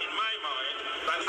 in my mind. in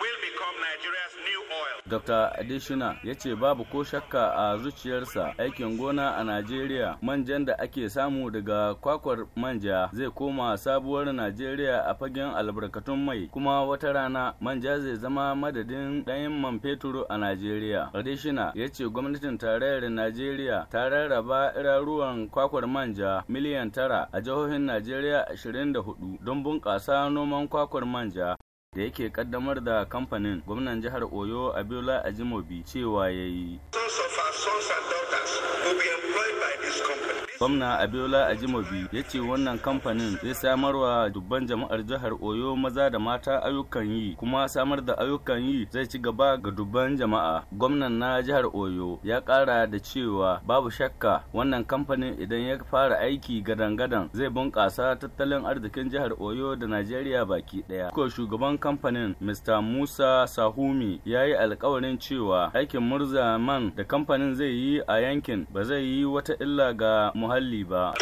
will become Nigeria's new oil. Dr. Adishina ya ce babu ko shakka a zuciyarsa aikin gona a Najeriya manjan da ake samu daga kwakwar manja zai koma sabuwar Najeriya a fagen albarkatun mai kuma wata rana manja zai zama madadin ɗayan man fetur a Najeriya. Adishina ya ce gwamnatin tarayyar Najeriya ta rarraba irarruwan kwakwar manja miliyan tara a jihohin Najeriya 24 don bunƙasa noman kwakwar manja. Abuja da yake kaddamar da kamfanin gwamnan jihar Oyo Abiola Ajimobi cewa yayi. Sons of our sons and daughters will be employed by this company. Gwamna Abiola Ajimobi ya ce wannan kamfanin zai samar wa dubban jama'ar jihar Oyo maza da mata ayyukan yi kuma samar da ayyukan yi zai ci gaba ga dubban jama'a. Gwamnan na jihar Oyo ya kara da cewa babu shakka wannan kamfanin idan ya fara aiki gadan-gadan zai bunƙasa tattalin arzikin jihar Oyo da Najeriya baki ɗaya. Ko shugaban kamfanin Mr. Musa Sahumi ya yi alkawarin cewa aikin Murza Man da kamfanin zai yi a yankin ba zai yi wata illa ga muhalli ba.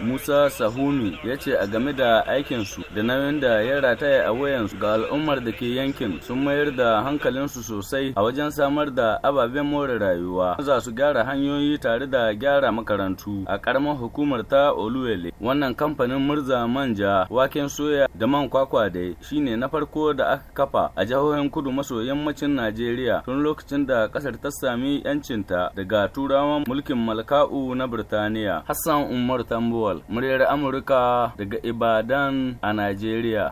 Musa Sahumi ya ce a game da aikinsu da nauyin da ya rataya a wayansu ga al'ummar da ke yankin sun mayar da hankalinsu sosai a wajen samar da ababen more rayuwa. Za su gyara hanyoyi tare da gyara makarantu a ƙaramin hukumar ta Oluwele. Wannan kamfanin Murza Manja waken soya da man kwakwa da shine na farko da aka kafa a jihohin kudu maso yammacin Najeriya tun lokacin da kasar ta sami yancinta daga turawan mulkin malka'u na Birtaniya. Hassan Umar Tambuwal, muryar Amurka daga Ibadan a Najeriya.